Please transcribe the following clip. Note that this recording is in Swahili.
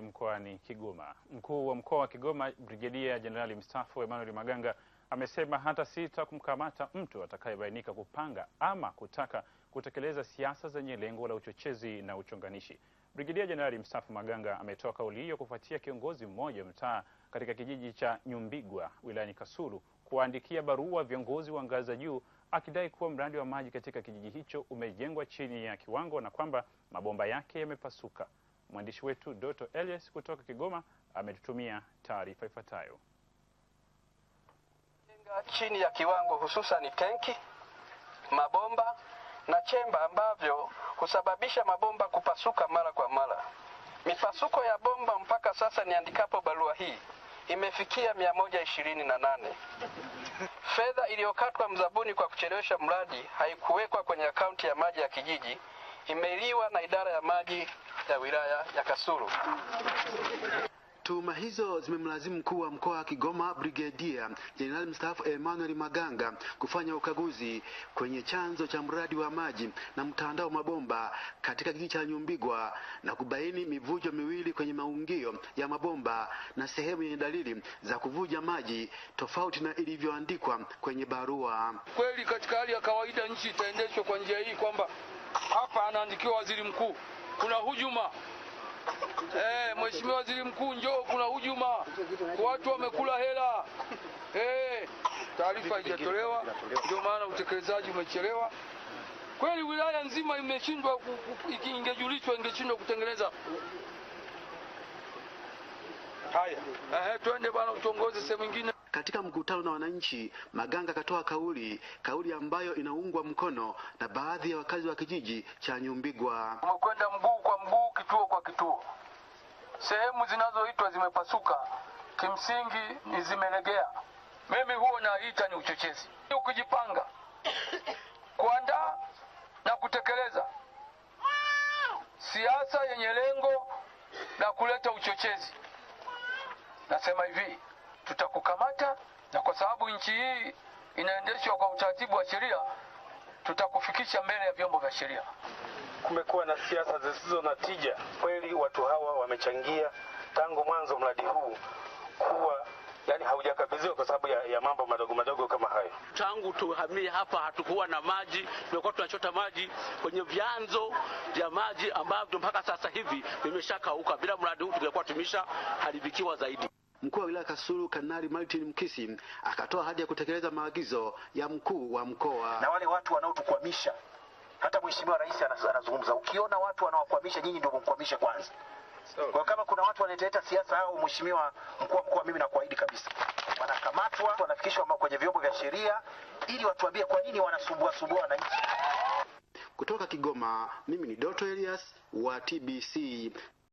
Mkoani Kigoma. Mkuu wa mkoa wa Kigoma, Brigedia Jenerali mstaafu Emmanuel Maganga amesema hata sita kumkamata mtu atakayebainika kupanga ama kutaka kutekeleza siasa zenye lengo la uchochezi na uchonganishi. Brigedia Jenerali mstaafu Maganga ametoa kauli hiyo kufuatia kiongozi mmoja mtaa katika kijiji cha Nyumbigwa wilayani Kasulu kuwaandikia barua viongozi wa ngazi za juu akidai kuwa mradi wa maji katika kijiji hicho umejengwa chini ya kiwango na kwamba mabomba yake yamepasuka. Mwandishi wetu Doto Elias kutoka Kigoma ametutumia taarifa ifuatayo. Jenga chini ya kiwango, hususan tenki, mabomba na chemba ambavyo husababisha mabomba kupasuka mara kwa mara. Mipasuko ya bomba mpaka sasa niandikapo barua hii imefikia mia moja ishirini na nane. Fedha iliyokatwa mzabuni kwa kuchelewesha mradi haikuwekwa kwenye akaunti ya maji ya kijiji, imeliwa na idara ya maji ya wilaya ya Kasulu. Tuhuma hizo zimemlazimu mkuu wa mkoa wa Kigoma Brigedia Jenerali mstaafu Emmanuel Maganga kufanya ukaguzi kwenye chanzo cha mradi wa maji na mtandao mabomba katika kijiji cha Nyumbigwa na kubaini mivujo miwili kwenye maungio ya mabomba na sehemu yenye dalili za kuvuja maji tofauti na ilivyoandikwa kwenye barua. Kweli katika hali ya kawaida nchi itaendeshwa kwa njia hii kwamba hapa anaandikiwa waziri mkuu kuna hujuma eh, Mheshimiwa Waziri Mkuu, njoo kuna hujuma, watu wamekula hela eh, taarifa haijatolewa, ndio maana utekelezaji umechelewa. Kweli wilaya nzima imeshindwa, ingejulishwa ingeshindwa kutengeneza haya. Eh, twende bwana, utongoze sehemu nyingine. Katika mkutano na wananchi, Maganga akatoa kauli, kauli ambayo inaungwa mkono na baadhi ya wakazi wa kijiji cha Nyumbigwa. Umekwenda mguu kwa mguu, kituo kwa kituo, sehemu zinazoitwa zimepasuka, kimsingi ni zimelegea. Mimi huo naita ni uchochezi, ukijipanga kuandaa na kutekeleza siasa yenye lengo la kuleta uchochezi. Nasema hivi, tutakukamata, na kwa sababu nchi hii inaendeshwa kwa utaratibu wa sheria, tutakufikisha mbele ya vyombo vya sheria. Kumekuwa na siasa zisizo na tija kweli. Watu hawa wamechangia tangu mwanzo mradi huu kuwa yani haujakabidhiwa kwa sababu ya, ya mambo madogo madogo kama hayo. Tangu tuhamie hapa hatukuwa na maji, tumekuwa tunachota maji kwenye vyanzo vya maji ambavyo mpaka sasa hivi vimeshakauka. Bila mradi huu tungekuwa tumesha haribikiwa zaidi mkuu wa wilaya Kasulu Kanali Martin Mkisi akatoa ahadi ya kutekeleza maagizo ya mkuu wa mkoa. Na wale watu wanaotukwamisha, hata mheshimiwa rais anazungumza, ukiona watu wanawakwamisha, nyinyi ndio mkwamishe kwanza. Kwa kama kuna watu wanaeteleta siasa au mheshimiwa mkuu wa mkoa, mimi nakuahidi kabisa, wanakamatwa wanafikishwa kwenye vyombo vya sheria ili watuambie kwa nini wanasumbua sumbua wananchi. Kutoka Kigoma, mimi ni Doto Elias wa TBC.